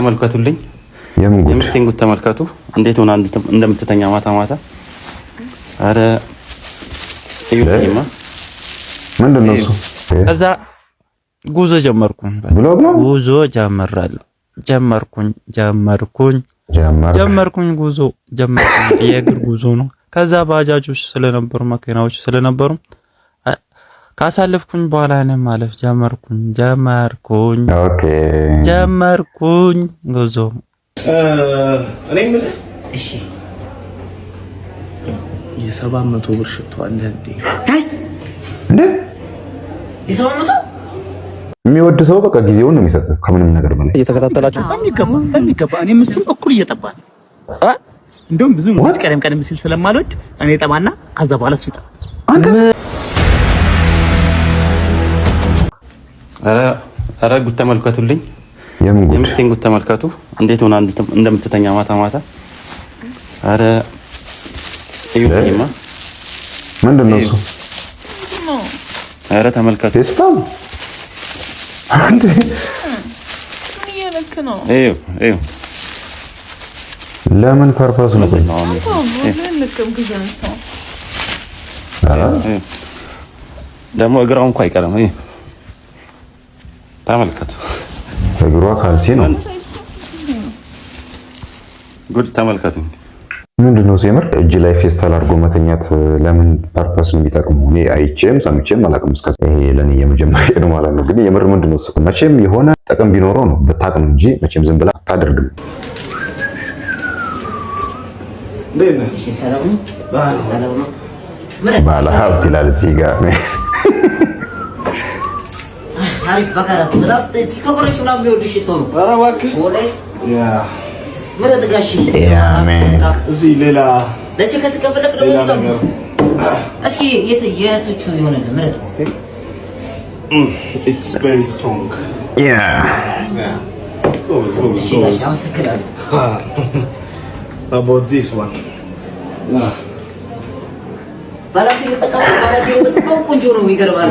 ተመልከቱልኝ። የምስቴን ጉድ ተመልከቱ፣ እንዴት ሆና እንደምትተኛ ማታ ማታ። አረ ምንድን ነው እሱ? ከዛ ጉዞ ጀመርኩኝ፣ ጉዞ ጀመራለሁ፣ ጀመርኩኝ፣ ጀመርኩኝ፣ ጀመርኩኝ፣ ጉዞ ጀመርኩኝ። የእግር ጉዞ ነው። ከዛ ባጃጆች ስለነበሩ መኪናዎች ስለነበሩ ካሳለፍኩኝ በኋላ ነው ማለፍ ጀመርኩኝ ጀመርኩኝ ኦኬ ጀመርኩኝ ጉዞ እኔ የምልህ እሺ የሰባት መቶ ብር ሽቶ አለ እንዴ? እንዴ የሰባት መቶ የሚወድ ሰው በቃ ጊዜውን ነው የሚሰጥ። ከምንም ነገር በላይ እየተከታተላችሁ በሚገባ በሚገባ እኔም እሱም እኩል እየጠባ ነው። እንደውም ብዙ ቀደም ቀደም ሲል ስለማልወድ እኔ ጠባና ከዛ በኋላ እሱ ይጠባ። ኧረ ጉድ ተመልከቱልኝ። የምስቴን ጉድ ተመልከቱ። እንዴት ሆና እንደምትተኛ ማታ ማታ። ኧረ እዩማ፣ ምንድን ነው እሱ? ኧረ ተመልከቱ። ለምን ፐርፐስ ነው? ደግሞ እግራው እንኳ አይቀርም። ተመልከቱ። እግሯ ካልሲ ነው። ጉድ ተመልከቱ። ምንድን ነው ሲምር እጅ ላይ ፌስታል አድርጎ መተኛት ለምን ፐርፐስ የሚጠቅሙ እኔ አይቼም ሰምቼም አላውቅም። እስከ ይሄ ለእኔ የመጀመሪያ ነው ማለት ነው። ግን የምር ምንድን ነው መቼም የሆነ ጥቅም ቢኖረው ነው ብታቅም እንጂ መቼም ዝም ብላ አታደርግም። ባለሀብት ይላል እዚህ ጋር አሪፍ በካራት በጣም ከቆረች ምናምን የሚወድ ሽቶ ነው። ኧረ እባክህ ምረጥ ጋሽ። እዚህ ሌላ ለሴ ከስ ከፈለክ ደግሞ እስኪ የቶቹ የሆነልህ ምረጥ። ባላቴ በጣም ቆንጆ ነው። ይገርማል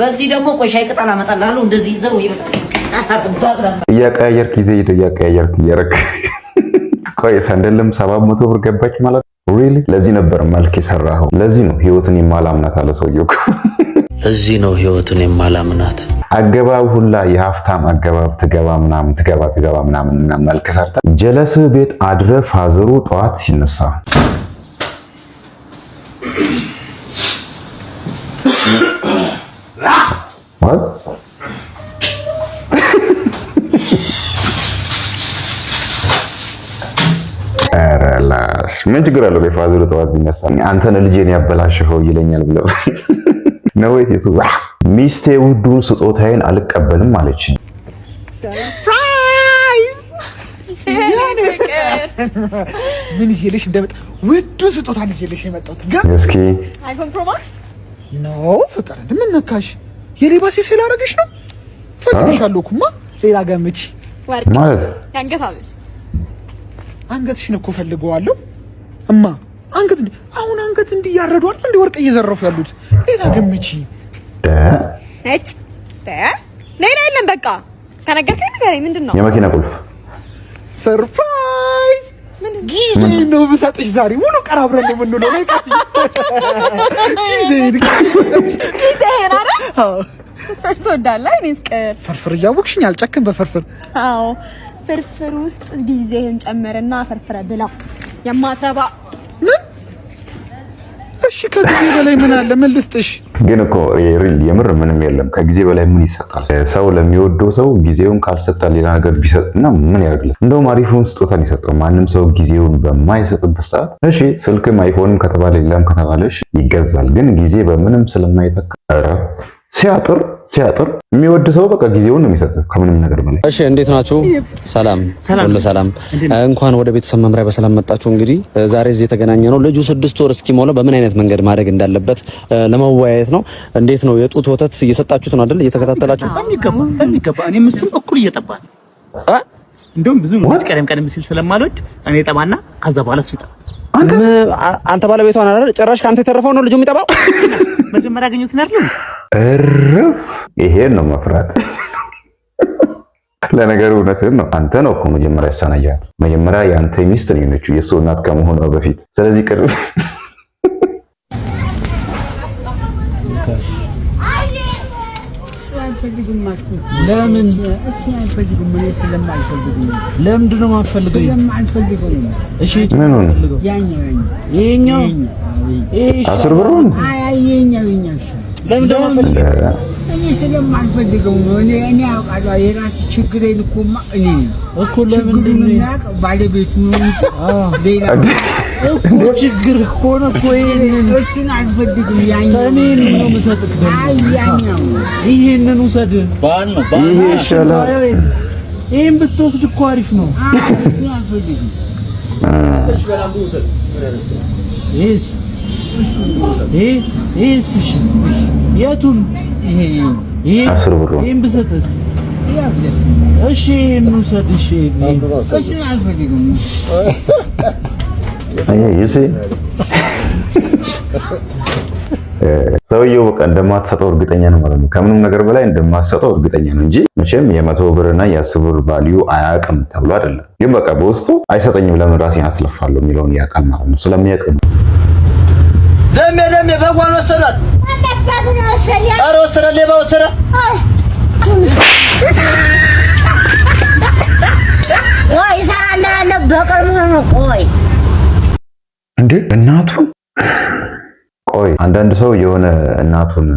በዚህ ደግሞ ቆይ ቅጠል አመጣልሃለሁ። እንደዚህ ይዘው እያቀያየርክ ጊዜ ሄደ እያቀያየርክ እየረክ ቆይ ሰንደልም ሰባት መቶ ብር ገባች ማለት ሪሊ። ለዚህ ነበር መልክ የሰራኸው። ለዚህ ነው ህይወትን የማላምናት አለ ሰውየው። ለዚህ ነው ህይወትን የማላምናት አገባብ ሁላ የሀብታም አገባብ ትገባ ምናምን ትገባ ትገባ ምናምን መልክ ሰርታ ጀለስህ ቤት አድረ ፋዘሩ ጠዋት ሲነሳ ምን ችግር አለው? ከፋዘሩ ጠዋት ቢነሳ አንተን ልጄን ያበላሸኸው ይለኛል ብለው ነው ወይስ እሱ? ሚስቴ ውዱን ስጦታዬን አልቀበልም አለች። ምን ይሄልሽ እንደመጣ ውዱ ስጦታ ልጅ ይሄልሽ የመጣሁት ጋር እስኪ አይፎን ፕሮ ማክስ ነው ፍቅር እንደምነካሽ የሌባ ሴል ላረገሽ ነው ፈቅድሻለሁ እኮ ሌላ ገምቺ ማለት አንገትሽን እኮ ፈልገዋለሁ እማ አንገት እንዲህ አሁን አንገት እንዲህ ያረዱ አይደል? እንዲህ ወርቅ እየዘረፉ ያሉት ሌላ ገምቺ እጭ ሌላ የለም። በቃ ከነገርከኝ ንገረኝ። ምንድን ነው የመኪና ቁልፍ? ሰርፕራይዝ ጊዜ ነው ብሰጥሽ፣ ዛሬ ሙሉ ቀን አብረን ነው የምንውለው። ላይ ጊዜ ጊዜ ፍርፍር ትወዳለህ? እኔ ፍቅር ፍርፍር እያወቅሽኝ አልጨክም በፍርፍር። አዎ ፍርፍር ውስጥ ጊዜህን ጨምርና ፍርፍረ ብላ የማትረባ እሺ፣ ከጊዜ በላይ ምን አለ? ምን ልስጥሽ? ግን እኮ ሪል የምር ምንም የለም። ከጊዜ በላይ ምን ይሰጣል? ሰው ለሚወደው ሰው ጊዜውን ካልሰጠ ሌላ ነገር ቢሰጥና ምን ያደርግለት? እንደውም አሪፉን ስጦታን ይሰጠው። ማንም ሰው ጊዜውን በማይሰጥበት ሰዓት፣ እሺ ስልክም አይፎንም ከተባለ ሌላም ከተባለ ይገዛል። ግን ጊዜ በምንም ስለማይተካ ሲያጥር ሲያጥር የሚወድ ሰው በቃ ጊዜውን ነው የሚሰጥ ከምንም ነገር በላይ። እሺ እንዴት ናችሁ? ሰላም ሁሉ ሰላም። እንኳን ወደ ቤተሰብ መምሪያ በሰላም መጣችሁ። እንግዲህ ዛሬ እዚህ የተገናኘ ነው ልጁ ስድስት ወር እስኪሞላው በምን አይነት መንገድ ማድረግ እንዳለበት ለመወያየት ነው። እንዴት ነው የጡት ወተት እየሰጣችሁት ነው አይደል? እየተከታተላችሁ በሚገባ በሚገባ። እኔም እሱም እኩል እየጠባ ነው። እንደውም ብዙ ቀደም ቀደም ሲል ስለማልወድ እኔ ጠባና ከዛ በኋላ እሱ አንተ ባለቤቷ ባለቤቷን አይደል? ጭራሽ ከአንተ የተረፈው ነው ልጁ የሚጠባው። መጀመሪያ ያገኙት ነው አይደል? እርፍ! ይሄን ነው መፍራት። ለነገሩ እውነትህን ነው። አንተ ነው እኮ መጀመሪያ ያሳናያት። መጀመሪያ የአንተ ሚስት ነው የሆነችው የእሱ እናት ከመሆኗ በፊት። ስለዚህ ቅርብ አልፈልግም አልኩት። ለምን እሱ አልፈልግም? እኔ ስለማልፈልግም። ለምንድን ነው የማትፈልገው? ስለማልፈልገው። እሺ ያኛው ያኛው ይሄኛው አስር ብሩን አይ ይሄኛው ይሄኛው እኔ ስለማልፈልገው ነው። እኔ አውቃለሁ። የራሴ ችግሬን እኮማ እኔ እኮ ለምንድን ነው ባለቤቱ ችግር እኮ ነው እኮ። ይሄንን እሱን አልፈልግም። ያኛው ነው የምሰጥህ። አይ ብትወስድ እኮ አሪፍ ነው። አልፈልግም። ይሄስ? እሺ የቱን? ይሄ ይሄን ብሰጥስ? እሺ ይሄን ውሰድ። እሺ ሰውየው በቃ እንደማትሰጠው እርግጠኛ ነው ማለት ነው። ከምንም ነገር በላይ እንደማትሰጠው እርግጠኛ ነው እንጂ መቼም የመቶ ብርና የአስር ብር ቫልዩ አያውቅም ተብሎ አይደለም። ግን በቃ በውስጡ አይሰጠኝም ለምን ራሴን አስለፋለሁ የሚለውን ያውቃል ማለት ነው። ስለሚያውቅ ነው ደሜ ደሜ በጓን ወሰዳት። ኧረ ወሰደ፣ ሌባ ወሰደ። ቆይ ሰራለ ያለ በቅርብ ቆይ እንዴ እናቱን ቆይ አንዳንድ ሰው የሆነ እናቱን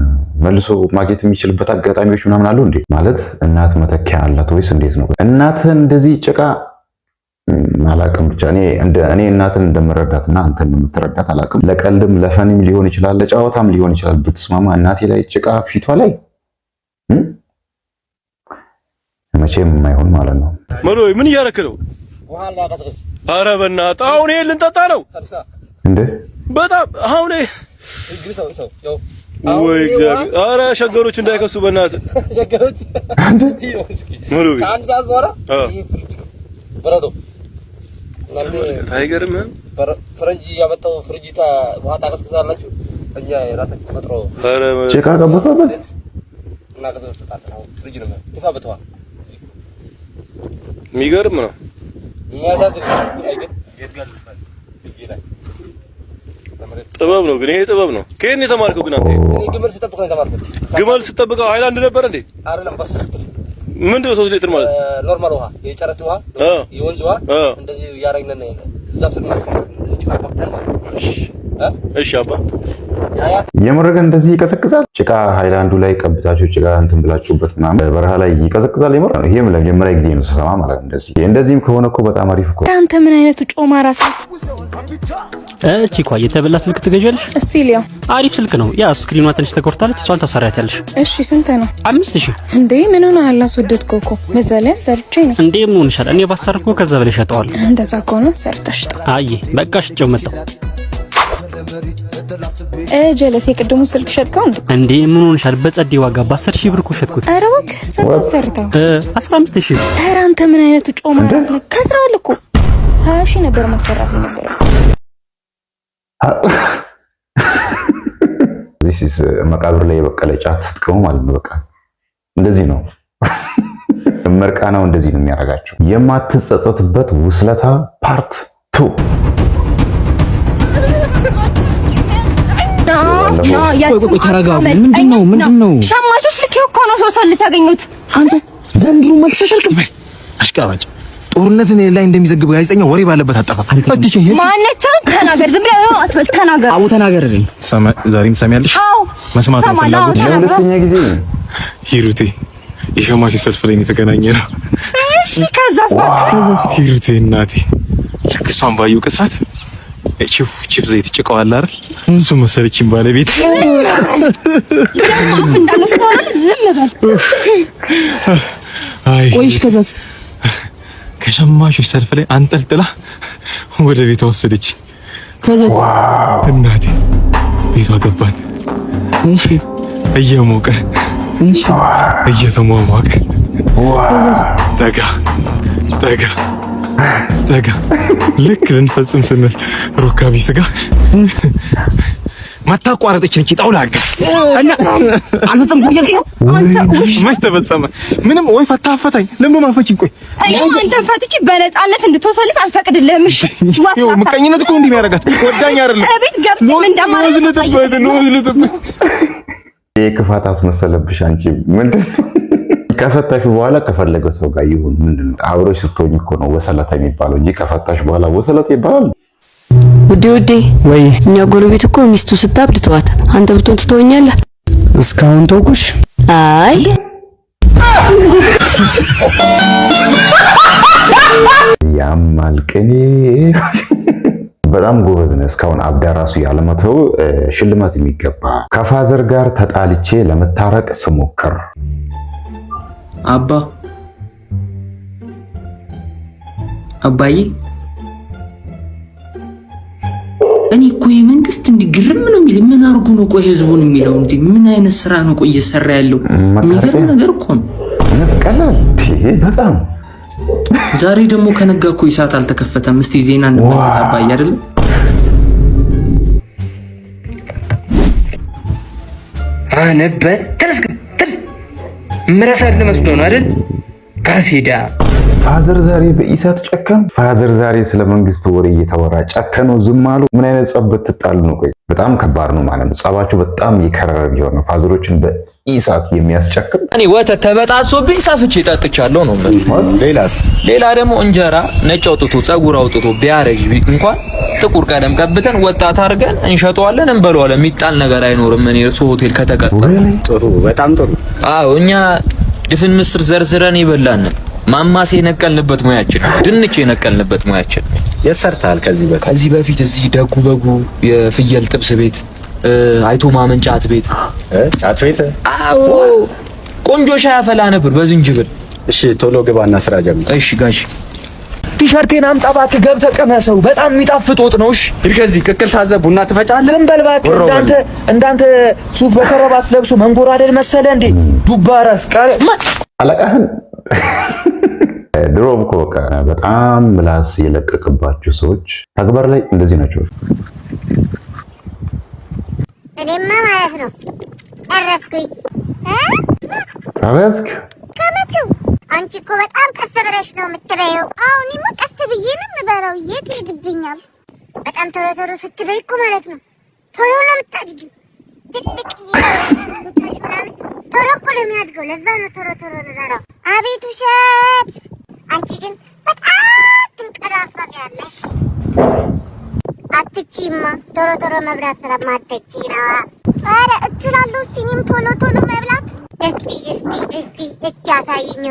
መልሶ ማግኘት የሚችልበት አጋጣሚዎች ምናምን አሉ እንዴ? ማለት እናት መተኪያ አላት ወይስ እንዴት ነው? እናትህን እንደዚህ ጭቃ አላቅም ብቻ እኔ እንደ እኔ እናትን እንደምረዳትና አንተ እንደምትረዳት አላቅም። ለቀልድም ለፈንም ሊሆን ይችላል፣ ለጨዋታም ሊሆን ይችላል። ብትስማማ እናቴ ላይ ጭቃ ፊቷ ላይ መቼም የማይሆን ማለት ነው። መዶይ ምን እያደረክ ነው? ኧረ በእናትህ አሁን ይሄን ልንጠጣ ነው እንዴ? በጣም አሁን ወይ እግዚአብሔር! አረ ሸገሮች እንዳይከሱ በእናትህ ሸገሮች እስኪ አይገርም። ፈረንጅ ያመጣው ፍሪጅታ ውሃ ታቀዝቅዛላችሁ፣ እኛ የራሳችን ተፈጥሮ ጭቃ ቀበሳበት የሚገርም ነው። ጥበብ ነው ግን ይሄ ጥበብ ነው። ከየት ነው የተማርከው? ግን አንተ ግመል ስጠብቀው ነው ግመል ነበር እንዴ? አይደለም ምንድን ነው ሶስት ሊትር ማለት ኖርማል ውሃ፣ የጨረት ውሃ፣ የወንዝ ውሃ እንደዚህ እያደረግን ነው። እዛ ስናስቀምጥ እንደዚህ ጭቃ ከብተን ማለት ነው። እሺ አባ የምር ግን እንደዚህ ይቀዘቅዛል። ጭቃ ሃይላንዱ ላይ ቀብታችሁ ጭቃ እንትን ብላችሁበት ምናምን በረሃ ላይ ይቀዘቅዛል። የምር ይሄም ለመጀመሪያ ጊዜ ነው ስሰማ ማለት እንደዚህ። እንደዚህም ከሆነ እኮ በጣም አሪፍ እኮ። አንተ ምን አይነቱ ጮማ ራስ እቺ እኮ የተበላ ስልክ ትገዣለሽ። ስቲል ያው አሪፍ ስልክ ነው። ያ ስክሪኗ ትንሽ ተቆርጣለች። እሷን ታሰሪያታለሽ። እሺ ስንት ነው? አምስት ሺህ እንዴ! ምን ሆነ? አላስወደድከው እኮ በዛ ላይ ሰርቼ ነው እንዴ። ምን ሆነሻል? እኔ ባሰርኩ ከዛ በላይ ሸጠዋል። እንደዛ ከሆነ ሰርተሽ ጣ። አይ በቃ ሽጬው መጣሁ። ጀለሴ ቅድሙ ስልክ ሸጥከው እንዴ? ምን ሆንሻል? በጸዴ ዋጋ በአስር ሺህ ብር እኮ ሸጥኩት። ኧረ እባክህ ስንት ሰርተው? አስራ ሺህ ኧረ አንተ ምን አይነቱ ጮማ ነው? ከስረዋል እኮ ሀያ ሺህ ነበር ማሰራት ነበር። ዚስ uh, መቃብር ላይ የበቀለ ጫት ስትቀሙ ማለት ነው። በቃ እንደዚህ ነው መርቃናው፣ እንደዚህ ነው የሚያደርጋቸው። የማትጸጸትበት ውስለታ ፓርት ቱ እፈልጋለሁ። ተረጋጉ። ምንድን ነው ምንድን ጦርነትን ላይ እንደሚዘግብ ጋዜጠኛ ወሬ ባለበት አጠፋ። ማነች? ተናገር፣ ዝም ብለህ አትበል፣ ተናገር። ሰልፍ ላይ የተገናኘ ነው። እሺ፣ ከዛስ? እናቴ ልክ እሷን ባየሁ ቅስራት ቺፍ ቺፍ ዘይት ጭቀዋል አይደል? እሱ መሰለችኝ ባለቤት ቆይሽ ከሸማቾች ሰልፍ ላይ አንጠልጥላ ወደ ቤቷ ወሰደች። ከዛስ እናቴ ቤቷ ገባን። እሺ እየሞቀ እሺ እየተሟሟቀ ጠጋ ጠጋ ጠጋ ልክ ልንፈጽም ስንል ሩካቤ ስጋ ማታቋረጠች እቺ ጣውላ አልጋ እና መች ተፈጸመ? ምንም ወይ ፈታፈታኝ ፈታኝ ለምን ማፈችኝ? ቆይ አንተ ፈትቼ በነፃነት እንድትወሰልት አልፈቅድልህም። እሺ ይኸው ምቀኝነት እኮ እንዲህ የሚያደርጋት ወዳኝ አይደለም። እቤት ገብቼ ምን እንደማደርግ ነው። ክፋት አስመሰለብሽ አንቺ ምንድን ከፈታሽ በኋላ ከፈለገው ሰው ጋር ይሁን ምንድን ነው አብሮሽ ስትሆኝ እኮ ነው ወሰላታ የሚባለው እንጂ ከፈታሽ በኋላ ወሰላታ ይባላል። ውዴ ውዴ፣ ወይ እኛ ጎረቤት እኮ ሚስቱ ስታብድ ተዋት፣ አንተ ብትሆን ትተወኛለህ? እስካሁን ተውኩሽ። አይ ያማል በጣም ጎበዝ ነው። እስካሁን አብዳ ራሱ ያለመተው ሽልማት የሚገባ ከፋዘር ጋር ተጣልቼ ለመታረቅ ስሞክር አባ አባዬ እኔ እኮ የመንግስት መንግስት ነው የሚል ምን አርጉ ነው ቆይ ህዝቡን የሚለው እንዲህ ምን አይነት ስራ ነው ቆይ እየሰራ ያለው የሚገርም ነገር እኮ ነው። ቀላል በጣም ዛሬ ደግሞ ከነጋ እኮ ሰዓት አልተከፈተም። እስቲ ዜና እንመልከት። አባይ አይደለም አነበት ትርስ ትርስ ምረሳል መስሎ ነው አይደል? አሲዳ ፋዘር ዛሬ በኢሳት ጨከን። ፋዘር ዛሬ ስለ መንግስት ወሬ እየተወራ ጨከኑ ዝም አሉ። ምን አይነት ጸብ ብትጣሉ ነው? ቆይ በጣም ከባድ ነው ማለት ነው። ጸባቸው በጣም የከረረ ቢሆን ነው ፋዘሮችን ኢሳት የሚያስቸክም እኔ ወተት ተበጣሶብኝ ሰፍቼ ጠጥቻለሁ ነው ማለት። ሌላስ ሌላ ደግሞ እንጀራ ነጭ አውጥቶ ጸጉር አውጥቶ ቢያረጅ እንኳን ጥቁር ቀለም ቀብተን ወጣት አድርገን እንሸጠዋለን እንበለዋለን። የሚጣል ነገር አይኖርም። እኔ እርሱ ሆቴል ከተቀጠረ ጥሩ፣ በጣም ጥሩ። አዎ እኛ ድፍን ምስር ዘርዝረን ይበላን ማማሴ የነቀልንበት ሙያችን፣ ድንች የነቀልንበት ሙያችን የሰርታል። ከዚህ በፊት እዚህ ደጉ በጉ የፍየል ጥብስ ቤት አይቶ ማመን ጫት ቤት ጫት ቤት አዎ፣ ቆንጆ ሻይ አፈላ ነበር በዝንጅብል። እሺ ቶሎ ግባና ስራ ጀምር። እሺ ጋሽ ቲሸርቴን አምጣ እባክህ፣ ገብተህ ቀመሰው። በጣም የሚጣፍጥ ወጥ ነው። እሺ ይህ ከዚህ ቅቅል ታዘ ቡና ትፈጫለህ። ዝም በል እባክህ። እንዳንተ እንዳንተ ሱፍ በከረባት ለብሶ መንጎራ አይደል መሰለ እንዴ? ዱባ ራስ ቃል አለቃህን ድሮም እኮ በጣም ምላስ የለቀቅባቸው ሰዎች ተግባር ላይ እንደዚህ ናቸው። እኔማ ማለት ነው ጨረስኩኝ። ጨረስክ? ከመቼ አንቺ እኮ በጣም ቀስ ብለሽ ነው የምትበየው አዎ እኔማ ቀስ ብዬ ነው የምበላው። የት ይሄድብኛል? በጣም ቶሎ ቶሎ ስትበይ እኮ ማለት ነው ቶሎ ነው የምታድጊው። ትልቅ ቶሎ እኮ ነው የሚያድገው። ለዛ ነው ቶሎ ቶሎ ንበራው። አቤት ውሸት! አንቺ ግን በጣም ትንቀራፋ ያለሽ አትችይማ ቶሎ ቶሎ መብላት ስለማትች ነው። ኧረ እችላለሁ። ሲኒም ቶሎ ቶሎ መብላት እስቲ እስቲ እስቲ እስቲ አሳይኝ።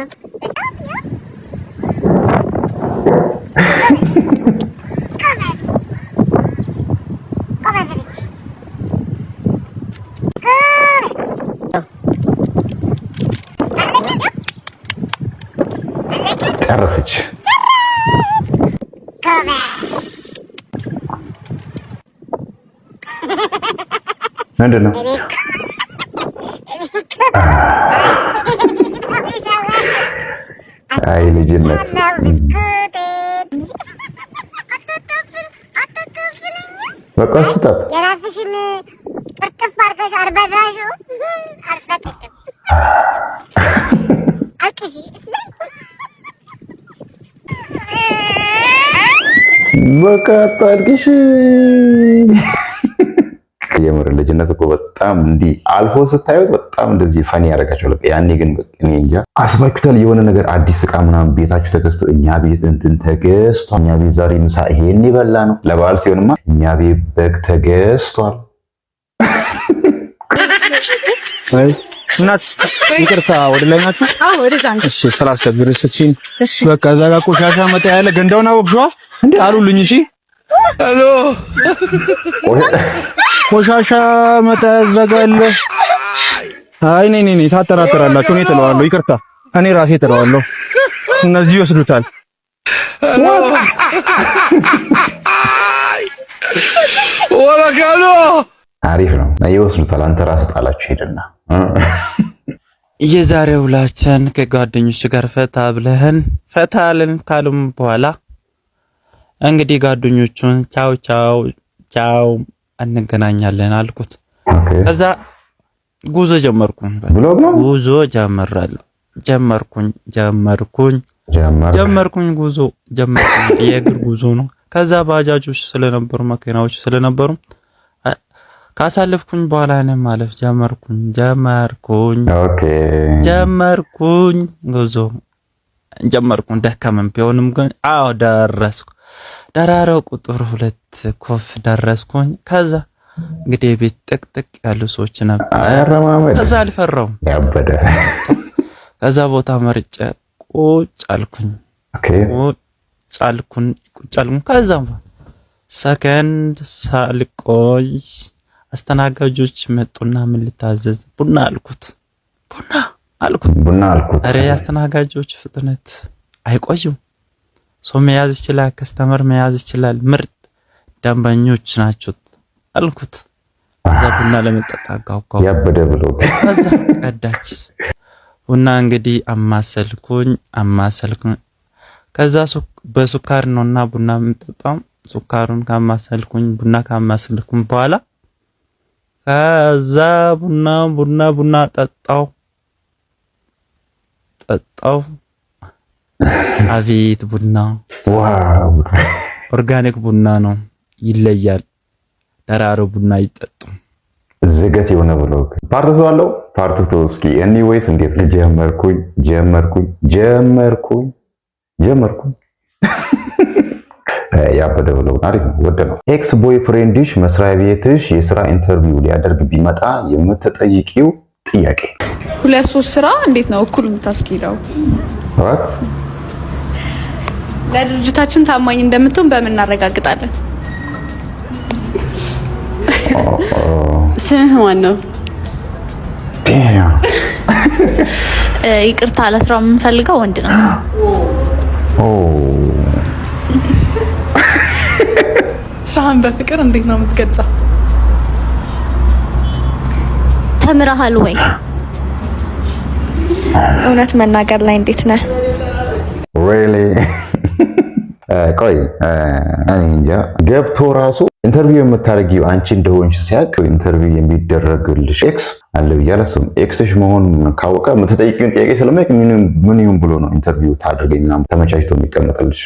ምንድን ነው አይ ልጅነት በቃ ስጣት የራስሽን ቅርጥፍ አድርገሽ አርበራሹ አልሰጥሽም አልቅሺ በቃ አታልቅሽ ልጅነት እኮ በጣም እንዲህ አልፎ ስታዩት በጣም እንደዚህ ፈኒ ያደርጋቸዋል። ያኔ ግን እኔ እንጃ አስባችሁታል? የሆነ ነገር አዲስ እቃ ምናምን ቤታችሁ ተገዝቶ እኛ ቤት እንትን ተገዝቷል፣ እኛ ቤት ዛሬ ምሳ ይሄን ይበላ ነው። ለበዓል ሲሆንማ እኛ ቤት በግ ተገዝቷል። እናት ይቅርታ፣ ወደ ላይ ናችሁ? አዎ፣ ወደ ታንክ። እሺ፣ በቃ እዛ ጋር ቆሻሻ መጣ ያለ ገንዳውን አወቅሽዋ? ጣሉልኝ። እሺ፣ ቆሻሻ መጠዘጋለህ። አይ ኔ ኔ ኔ ታጠራጥራላችሁ። እኔ ጥለዋለሁ፣ ይቅርታ እኔ ራሴ ጥለዋለሁ። እነዚህ ይወስዱታል። ወላካሎ አሪፍ ነው። ይወስዱታል። አንተ ራስ ጣላችሁ ሄድና የዛሬው ውላችን ከጓደኞች ጋር ፈታ ብለህን ፈታልን ካሉም በኋላ እንግዲህ ጓደኞቹን ቻው ቻው ቻው እንገናኛለን አልኩት። ከዛ ጉዞ ጀመርኩኝ ጉዞ ጀመራለሁ ጀመርኩኝ ጀመርኩኝ ጀመርኩኝ ጉዞ ጀመርኩኝ። የእግር ጉዞ ነው። ከዛ ባጃጆች ስለነበሩ መኪናዎች ስለነበሩ ካሳለፍኩኝ በኋላ እኔ ማለፍ ጀመርኩኝ ጀመርኩኝ ጀመርኩኝ ጉዞ ጀመርኩኝ። ደከመን ቢሆንም ግን አዎ ደረስኩ። ደራረው ቁጥር ሁለት ኮፍ ደረስኩኝ። ከዛ እንግዲህ ቤት ጥቅጥቅ ያሉ ሰዎች ነበር። ከዛ አልፈራውም። ከዛ ቦታ መርጬ ቁጭ አልኩኝ። ቁጭ አልኩኝ። ቁጭ አልኩኝ። ከዛ ሰከንድ ሳልቆይ አስተናጋጆች መጡና ምን ልታዘዝ ቡና አልኩት። ቡና አልኩት። ቡና አልኩት። አረ አስተናጋጆች ፍጥነት አይቆዩም። ሰው መያዝ ይችላል፣ ከስተመር መያዝ ይችላል። ምርጥ ደንበኞች ናችሁት አልኩት። እዛ ቡና ለመጠጣ ጓጓሁ። ያበደ ብሎ እዛ ቀዳች ቡና እንግዲህ አማሰልኩኝ አማሰልኩኝ። ከዛ በሱካር ነውና ቡና የምጠጣው ሱካሩን ካማሰልኩኝ ቡና ካማሰልኩኝ በኋላ ከዛ ቡና ቡና ቡና ጠጣው ጠጣው አቤት ቡና ኦርጋኒክ ቡና ነው፣ ይለያል። ደራሮ ቡና ይጠጡ። ዝገት የሆነ ብሎ ፓርትቱ አለው ፓርትቱ። እስኪ ኤኒዌይስ እንዴት ጀመርኩኝ ጀመርኩኝ ጀመርኩኝ ጀመርኩኝ ያበደ ብለው አሪፍ ነው፣ ወደ ነው። ኤክስ ቦይ ፍሬንድሽ መስሪያ ቤትሽ የስራ ኢንተርቪው ሊያደርግ ቢመጣ የምትጠይቂው ጥያቄ ሁለት ሶስት ስራ እንዴት ነው እኩል የምታስኬደው? ለድርጅታችን ታማኝ እንደምትሆን በምን እናረጋግጣለን? ስምህ ማን ነው? ይቅርታ ለስራው የምንፈልገው ወንድ ነው። ስራህን በፍቅር እንዴት ነው የምትገልጸው? ተምረሃል ወይ? እውነት መናገር ላይ እንዴት ነህ? ቆይ እንጃ ገብቶ ራሱ ኢንተርቪው የምታደርጊው አንቺ እንደሆንሽ ሲያቅ ኢንተርቪው የሚደረግልሽ ኤክስ አለ ብዬ አላስብም። ኤክስሽ መሆን ካወቀ የምትጠይቂውን ጥያቄ ስለማይቅ ምን ይሁን ብሎ ነው ኢንተርቪው ታደርገኝ ተመቻችቶ የሚቀመጠልሽ?